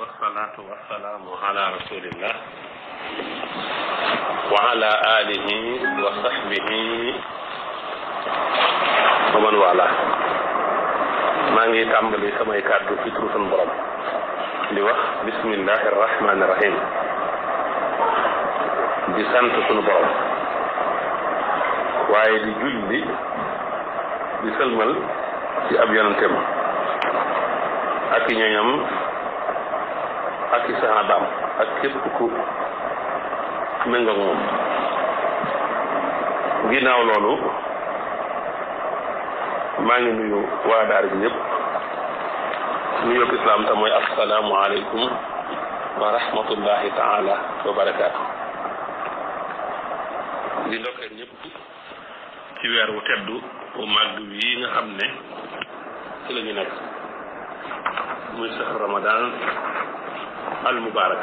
والصلاة والسلام على رسول الله وعلى آله وصحبه ومن والاه maa ngi tàmbali samay kàddu ci turu borom di wax bismillahi di sant sunu borom waaye di julli di sëlmal ci ab ak i ak i saxaabaam ak képp ku méngoog moom ginnaaw loolu maa ngi nuyu waa daar bi ñëpp nuyu yokk islaam te assalaamu aleykum wa rahmatullahi taala wa barakaatu di ndokkeel ci weer wu teddu wu màgg wi nga xam ne ci la ñu muy sax Ramadan al mubarak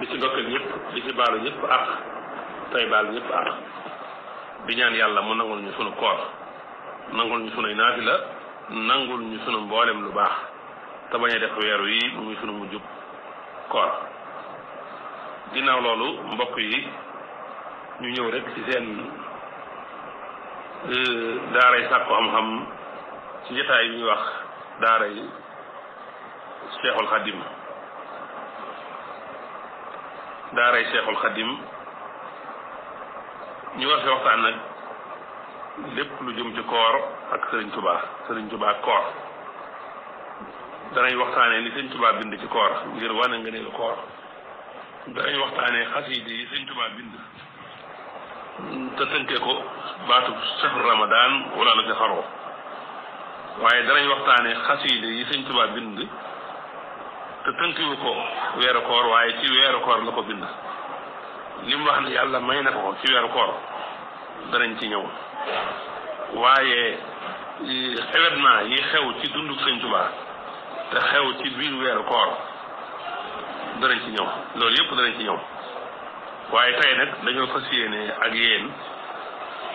di ci ndokkal ñëpp di ci baalu ñëpp ak tey baalu ñëpp ak di ñaan yàlla mu nangul ñu sunu koor nangul ñu sunuy naafila nangul ñu sunu mboolem lu baax te bañ a def weeru yi muy sunu mu mujjub koor dinaaw loolu mbokk yi ñu ñëw rek ci seen euh, daaray sàkku am xam ci jotaay yi ñuy wax daaray Cheikhul Khadim daaray Cheikhul Khadim ñu war fi waxtaan nag lépp lu jëm ci koor ak Serigne Touba Serigne Touba koor danañ waxtaanee li Serigne Touba bind ci koor ngir wane nga ne koor danañ waxtaanee xasida yi Serigne Touba bind te tënkee ko baatu sahru Ramadan wala la ca xaroo waaye danañ waxtaanee xasida yi Serigne Touba bind. te tënkiwu ko weeru koor waaye ci weeru koor ko bind li mu wax ne yàlla may na ko ci weeru koor danañ ci ñëw waaye événement yi xew ci dundu Sëñ ba te xew ci biir weeru koor danañ ci ñëw loolu yëpp danañ ci ñëw waaye tey nag ko fas yéene ak yéen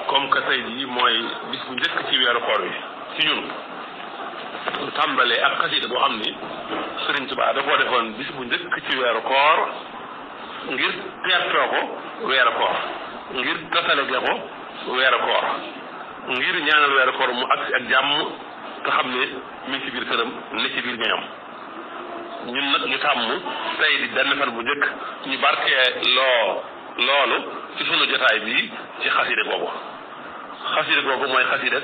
comme que tey jii mooy bis bu ci weeru koor bi ci ñun tàmbalee ak xasida boo xam ni Sëriñ Tuubaa da koo defoon bis bu njëkk ci weeru koor ngir teertoo ko weeru koor ngir tasale ga ko weeru koor ngir ñaanal weeru koor mu agsi ak jàmm te xam ne mi ngi ci biir këram ne ci biir ñoom ñun nag ñu tàmm tey di bu njëkk ñu barkee loo loolu ci sunu jotaay bii ci xasida googu xasida googu mooy xasida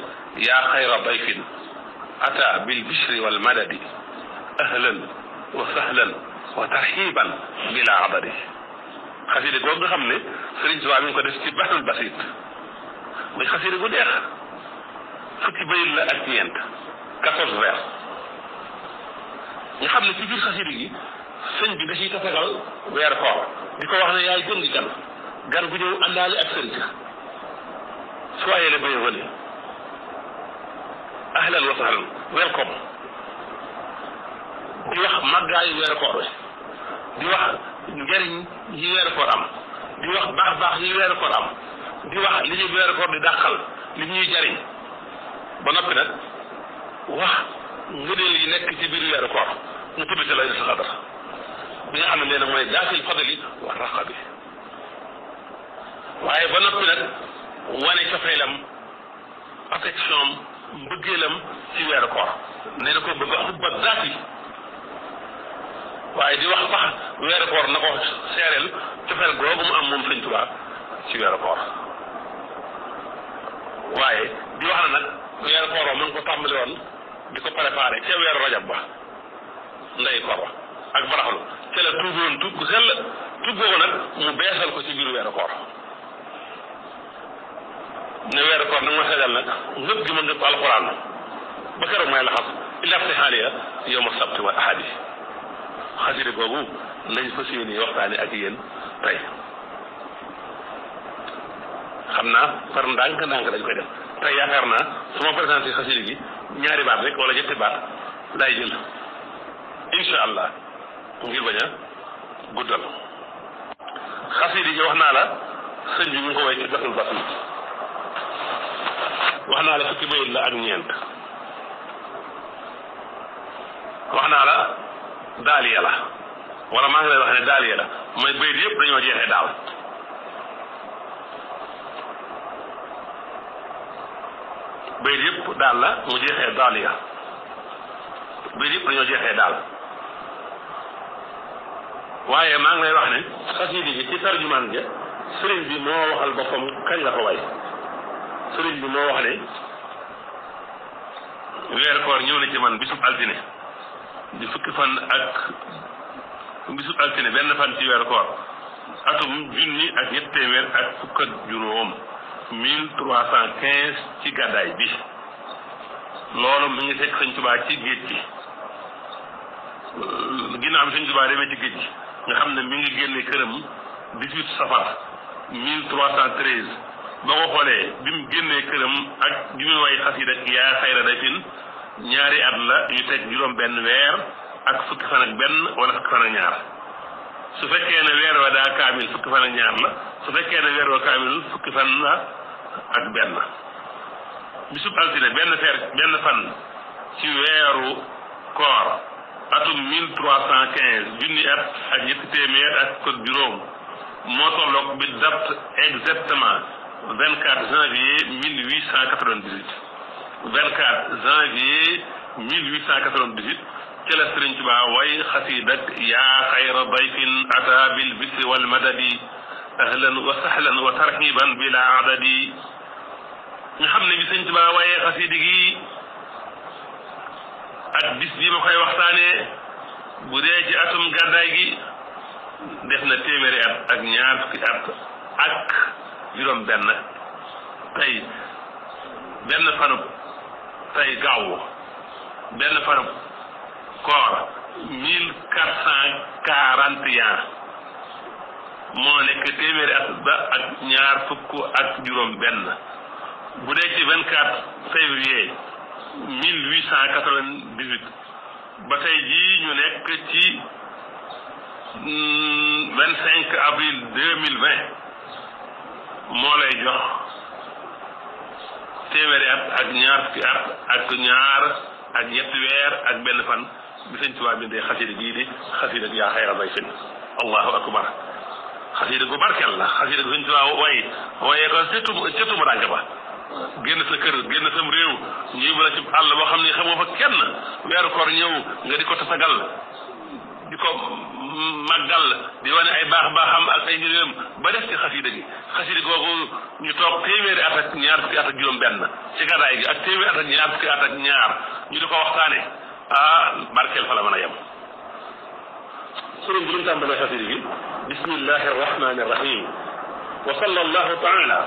yaa xayra bayfin ata bil bishri wal madadi ahlan wa sahlan wa tarxiban bila abadi xaside googu nga xam ne sëriñ Tuubaa mi ngi ko def ci bahrul basit muy xaside gu deex fukki bayit la ak ñeent quatorze vers nga xam ne ci biir xaside gi sëñ bi da ciy tasagal weer koor di ko wax ne yaay gën di gan gan gu ñëw àndaale ak sëriñ soyez le bienvenu ahlan wa sahlan welcome di wax màggaayu weeru koor wi di wax njëriñ yi weeru koor am di wax baax baax yi weeru am di wax li ñu weeru di dàqal li ñuy jariñ ba noppi nag wax ngëneel yi nekk ci biir weeru koor mu tudd ci laylatul qadr bi nga xam ne nee mooy daatil fadli wa raqa waaye ba noppi nag wane cofeelam affection mbëggeelam ci weeru koor ne na ko bëgg xubba zaat yi waaye di wax sax weeru koor na ko seereel cofeel googu mu am moom sëñ Tuubaa koor waaye di wax na nag koor wa ko tàmbali woon di ko préparé ca weeru rajab ba ndey koor wa ak baraxlu ca la tuuboon tugg sell tuggoo ko nag mu ko ci biir koor ne weeru koor nag ma seedal nag ngëpp gi ma ngëpp alxuraan ba keroog may laxas illa xaaliya yow ma sabti wal ahadi xasida googu lañ fas yéene waxtaane ak yéen tey xam naa par ndànk ndànk dañ koy def tey yaakaar naa su ma présenté xasida gi ñaari baat rek wala ñetti baat laay jël insha allah ngir bañ a guddal xasida gi wax naa la sëñ bi mu ngi ko way ci gasul basul wax naa la fukki bayit la ak ñeent wax naa la daaliya la wala maa ngi lay wax ne daaliya la mooy bayit yëpp dañoo jeexee daal bayit yëpp daal la mu jeexee daaliya bayit yëpp dañoo jeexee daal waaye maa ngi lay wax ne xasiidi gi ci tarjumaan ja sëriñ bi moo waxal boppam kañ la ko way sëriñ bi moo wax ne weer ñëw na ci man bisub altine di fukki fan ak bisub altine benn fan ci weer koor atum junni ak ñett téeméer ak fukk juróom mille trois cent quinze ci gàddaay bi loolu mi ngi fekk sëñ Tubaa ci géej gi ginnaaw bi sëñ Tubaa demee ci géej gi nga xam ne mi ngi génne këram dix-huit safar mille trois cent treize boo ko xoolee bi mu génnee këram ak bi muy way xas yi rek yaa xayra dafin ñaari at la yu teg juróom benn weer ak fukki fan ak benn wala fukki fan ak ñaar su fekkee ne weer wa daa kaamil fukki fan ak ñaar la su fekkee ne weer wa kaamil fukki fan la ak benn bisub altine benn fer benn fan ci weeru koor atum mille trois cent quinze junni at ak ñetti téeméer ak code juróom moo tolloog bi dapt exactement 24 janvier 1898 24 janvier 1898 ca la Sëriñ Tuubaa way xasiidak yaa xayra dayfin ataa bil bisri wal madadi ahlan wa sahlan wa tarhiban bila adadi nga xam ne bi Sëriñ Tuubaa waaye xasiidi ak bis bi ma koy waxtaanee bu dee ci atum gàddaay def na téeméeri at ak ñaar ak juróom benn tey benn fanub tey gaawu benn fanub koor mille quatre cent quarante moo nekk téeméeri ak ñaar fukk ak juróom benn bu dee ci vingt quatre février mille huit cent quatre vingt dix ba tey jii ñu nekk ci mm, vingt cinq avril deux mille vingt moo lay jox téeméeri at ak ñaar fukki at ak ñaar ak ñetti weer ak benn fan bi sëñ Tuubaa bindee xasida gii di xasida yaa xayra dayfin allahu akbar xasida gu barkel la xasida gu sëñ Tuubaa waaye waaye ko cëtum cëtum rànk ba génn sa kër génn sam réew ñu yóbbu la ci boo xam ne xamoo fa kenn weeru koor ñëw nga di ko tasagal di ko màggal di wane ay baax baaxam ak ay njëriñam ba def ci xasida gi xasida googu ñu toog téeméeri at ak ñaar fukki at ak juróom benn ci gàddaay gi ak téeméeri at ak ñaar fukki at ak ñaar ñu di ko waxtaane ah barkeel fa la mën a yem sëriñ bi ñu tàmbalee xasida gi bismillahi arrahmani arrahim wa sallallahu taala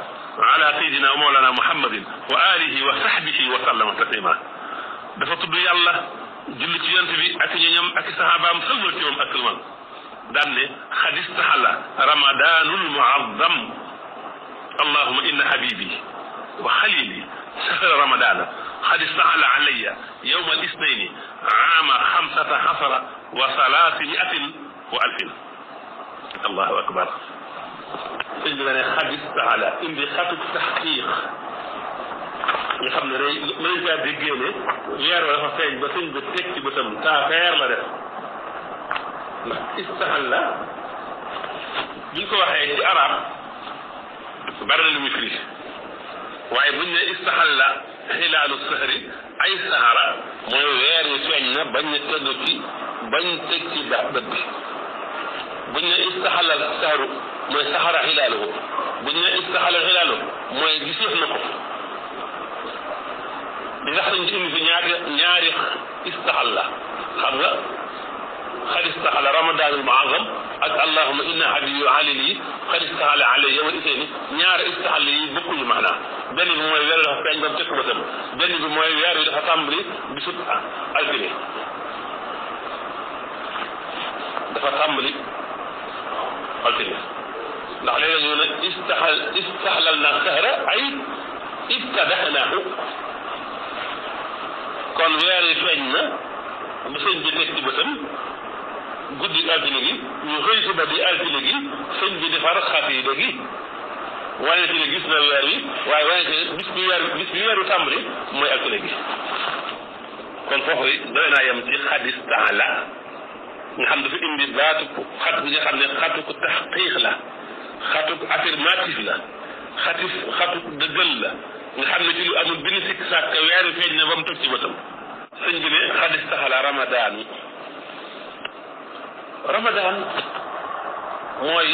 ala sayidina wa mawlana muhammadin wa alihi wa sahbihi wa sallama taslima dafa tudd yàlla julli ci yonent bi ak ñoñam ak sahabaam sëlmal ci moom ak sëlmal daan ne xadistaxala ramadanul muazzam allahuma inna habibi wa xalili sahra ramadana xadistaxala alaya yowma al isnaini ama xamsata xasara wa salaasimiatin wa alfin allahu akbar sëñ bi ne xadistaxala indi xatu taxqiq nga xam ne day mën saa déggee ne weer wa dafa feeñ ba sëñ bi teg ci bëtam taa feer la def ndax istahalla buñ ko waxee ci arab bari na lu muy firi waaye buñ ne istahalla xilaalu sahri ay sahara mooy weer wi feeñ na bañ na tëgg ci bañ tëg ci bët bi buñ ne istahalla sahru mooy sahara xilaaluhu buñ ne istahalla xilaalu mooy giseef na ko li nga ci indi fi ñaari ñaari xam nga xad istaxala ramadaanul muazam ak allahuma inna abiyu alil yi xad istaxala alay yawal iseeni ñaar istaxala yi bokkuñu maanaa benn bi mooy weer wi dafa feeñ ba mu tëkk bëtam benn bi mooy weer wi dafa tàmbali bisub altine dafa tàmbali altine ndax léeg-léeg ñu ne istaxal istaxlal naa sahra ay ibtadaxnaahu kon weer wi feeñ na bu sëñ bi teg ci bëtam guddi altine gi ñu xëy suba di altine gi sëñ bi defar xasida gi wanete ne gis na weer yi waaye wanete bis bi weer bis bi weeru tàmbali mooy altine gi kon foofu yi doy naa yem ci xadis taala nga la xatu ko amul bi ne xadis taxala ramadan mooy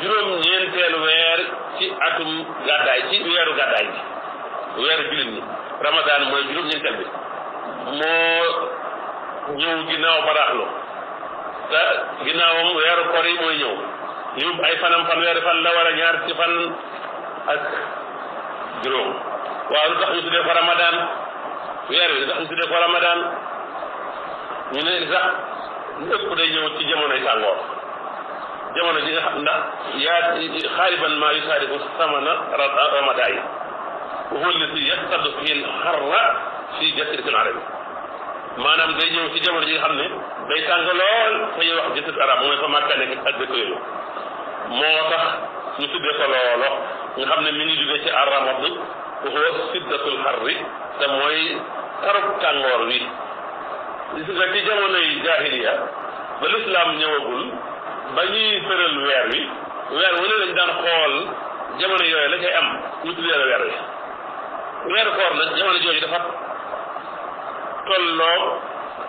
juróom-ñeenteelu weer ci atum gàddaay ci weeru gàddaay bi weeru jullit ñi ramadan mooy juróom-ñeenteel bi moo ñëw ginnaaw badaaxlu ginnaawam weeru koor yi mooy ñëw ñu ay fanam fan weeru fan la war a ñaar ci fan ak juróom waaw lu tax ñu tuddee ko ramadan weer lu tax ñu tuddee ko ramadan ñu ne sax lu ëpp day ñëw ci jamonoy tàngoor jamono ji nga xam ndax yaa xaaliban maa yusaaribu samana ramadaay huwa allati yaqtadu fi xarra fi jasiratil arabi maanaam day ñëw ci jamono ji nga xam ne day tàng lool fa ñuy wax jasiratul arab mooy fa Màkka nekk ak dëkk yooyu moo tax ñu tuddee ko loolo nga xam ne mi ngi jógee ci arramad huwa siddatul xarri te mooy tarub tàngoor wi gis nga ci jamonoy jaahiliya ba lislaam ñëwagul ba ñuy tëral weer wi weer wu ne lañ daan xool jamono yooyu la cay am ñu tuddee na weer wi weeru koor nag jamono jooju dafa tolloo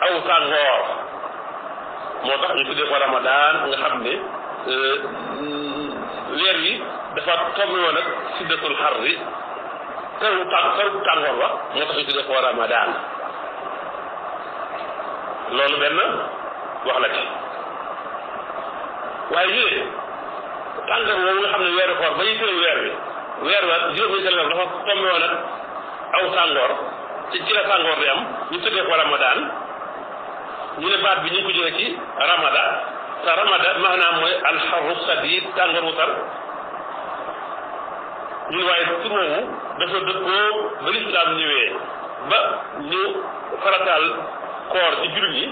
aw tàngoor moo tax ñu tuddee ko ramadaan nga xam ne euh, weer wi dafa tombe woon ak siddatul xar bi taru tàngoor ba moo tax ñu tuddee ko ramadaan loolu benn wax la ci waaye yii tàngoor woowu nga xam ne weeru koor ba ñuy tëral weer bi weer wa juróomi seen dafa tombé woon ak aw tàngoor ci ci la tàngoor di am ñu tuddee ko ramadan ñu ne baat bi ñu ngi ci ramada te ramada maanaam mooy alxarru sadid tàngoor wu tar ñu ne waaye tur dafa dëppoo ba lislaam ñëwee ba ñu farataal koor ci jullit yi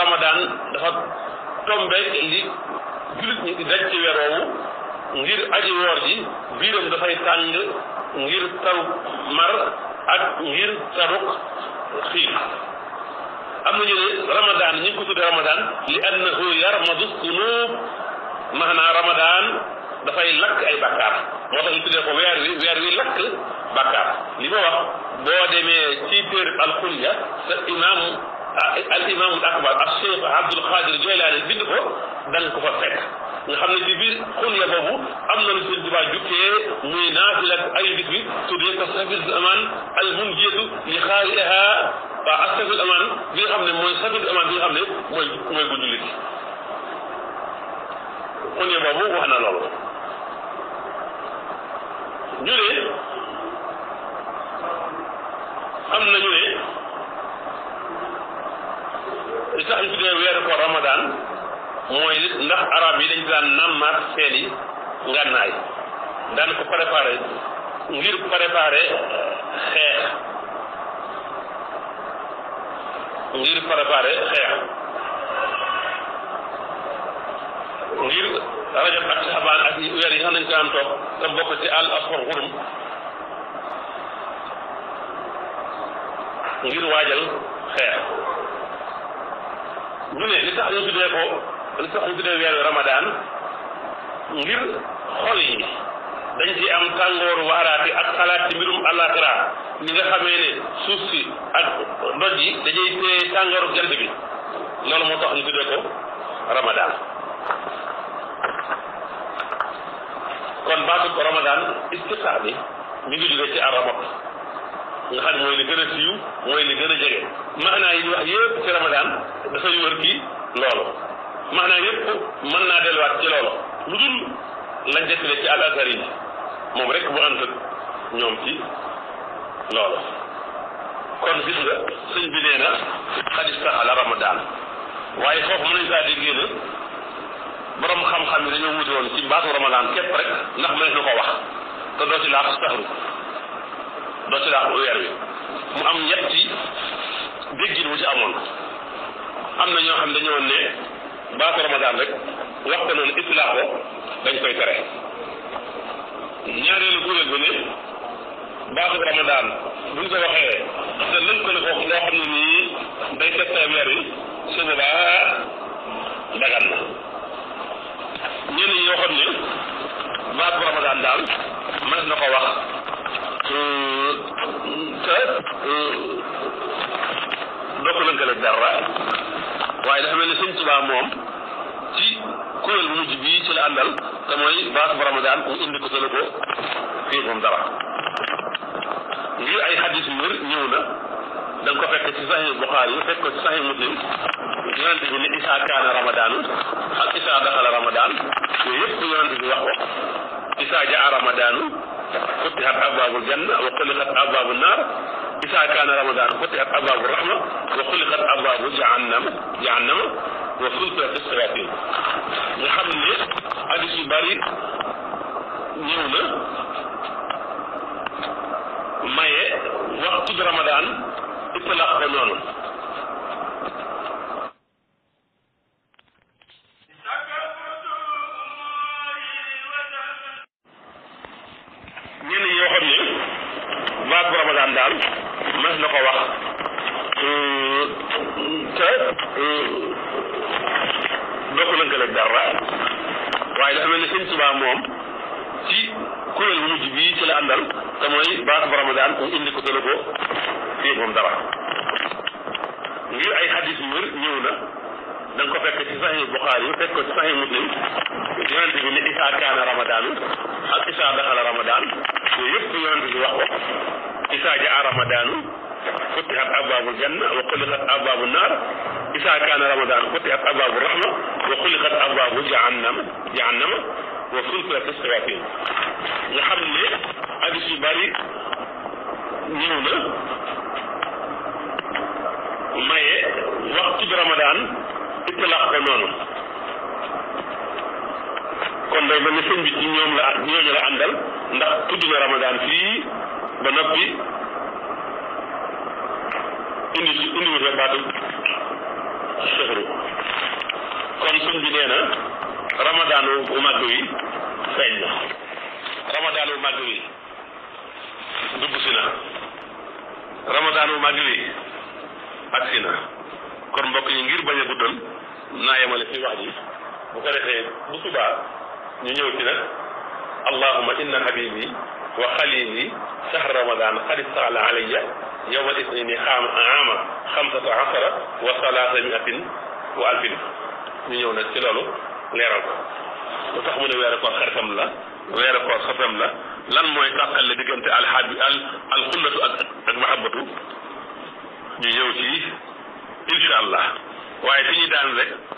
ramadaan dafa tombe li jullit ñi di daj ci weer ngir aji woor ji biiram dafay tàng ngir taruk mar ak ngir taruk xiif am na ñu ne ramadaan ñu ngi ko tudde ramadaan li annahu yarmadu sunub maanaam ramadaan dafay lakk ay bàkkaar moo tax ñu tuddee ko weer wi weer wi lakk bàkkaar li ma wax boo demee ci téer alxunya sa imam al imam al akbar ak cheikh abdul xaadir jeylaani bind ko da nga ko fa fekk nga xam ne ci biir xunya boobu am na lu sëñ Tuubaa jukkee muy naafila ay bis bi tuddee ko safidu amaan al munjiyatu li xaaliha waaw ak safidu amaan bi nga xam ne mooy safidu amaan bi nga xam ne mooy mooy bu jullit xunya boobu wax na loolu ñu ne am na ne li tax ñu tuddee weeru ko mooy ndax arab yi dañu daan nammaat seeni ngànnaay daan ko préparé ngir préparé xeex ngir préparé xeex ngir rajab ak saxbaan ak weer yi xam nañ daan toog te bokk ci àll ak xurum ngir waajal xeex ñu ne li tax ñu tuddee ko li tax ñu tuddee weeru ramadaan ngir xol yi dañ ci am tàngooru waaraate ak xalaat ci mbirum àllaaxira ni nga xamee ne suuf si ak doj yi dañuy téye tàngooru jant bi loolu moo tax ñu tuddee ko ramadaan kon baatu ko ramadaan istiqaa bi mi ngi jóge ci arabat nga xam ne mooy li gën a siiw mooy li gën a jege maanaa yi wax yëpp ci ramadaan dafay wër kii loolu maanaa yëpp mën naa delluwaat ci loolu lu dul lañ dettile ci al moom rek bu ànd ñoom ci loolu kon gis nga sëñ bi nee na xadis taxala ramadaan waaye foofu mën nañ saa déggee ne borom xam-xam yi dañoo wuti ci baatu ramadaan képp rek ndax mënees na ko wax te doo ci laax saxru doo ci weer wi mu am ñetti déggin wu ci amoon am na ñoo xam ne dañoo ne baatu ramadaan rek wax noonu itlaax dañ koy tere ñaareelu kuréel bi ne baatu ramadaan buñ ko waxee te lëñ ko ne ko loo xam ne nii day tegtee weer yi su boobaa dagan na ñenn ñoo xam ne baatu ramadaan daal mën na ko wax Euh, euh, te euh, doo ko lënkale dara waaye da mel ne sëñ Tuubaa moom ci kuréel bu mujj bii ci la àndal te mooy bu ramadaan mu indi ko tële ko fii moom dara ngir ay xaddis yu ñëw na da ko fekk ci saxi Buxaari fekk ci saxi Muslim yonent bi ne Isaa kaana ramadaan ak Isaa daxala ramadaan yooyu yëpp yonent bi wax ko Isaa jaa ramadaan futihat abwaabu janna wa xuliqat abwaabu naar isa kaana ramadaan futihat abwaabu rahma wa xuliqat abwaabu jahannama jahannama wa sultilat as-saraabiil nga xam ne hadis yu bari ñëw na maye waxtu ramadaan itlaq ko noonu la àndal te mooy baax ramadan kon indi ko dana ko fii moom dara ngir ay xadis yu wér ñëw na da nga ko fekk ci saxi Buxaari yi fekk ko ci saxi Muslim yonente bi ne isaa kaana ramadaanu ak isaa daxala ramadaan yooyu yëpp yonente bi wax ko isaa jaa ramadaanu futihat abwaabul janna wa xuliqat abwaabu naar isaa kaana ramadaan futihat abwaabu rahma wa xuliqat abwaabu jahannama jahannama wa sulsilat as-sawaatiin nga xam ne xadis yu bari ñëw na maye waxtu bi ramadaan itlaq ko noonu kon day mel ne sëñ ci ñoom la ñooñu la àndal ndax tudd na ramadaan fii ba noppi indi indi wu fa baatu sëxru kon sëñ bi nee na ramadaanu wi feeñ na ramadaanu màgg wi agsi na ramadaan wu mag wi na kon mbokk yi ngir bañ a guddal naa yemale fi wax bu ko defee bu subaa ñu ñëw ci nag allahuma inna habibi wa xalili shahr ramadan qad istala alayya yowma isnini xaama aama xamsata asara wa salaasa miatin wa alfin ñu ñëw nag la lan mooy tàqale diggante al xabi al al xullatu ak ak mahabatu ñu ñëw ci incha allah waaye fi ñu daan rek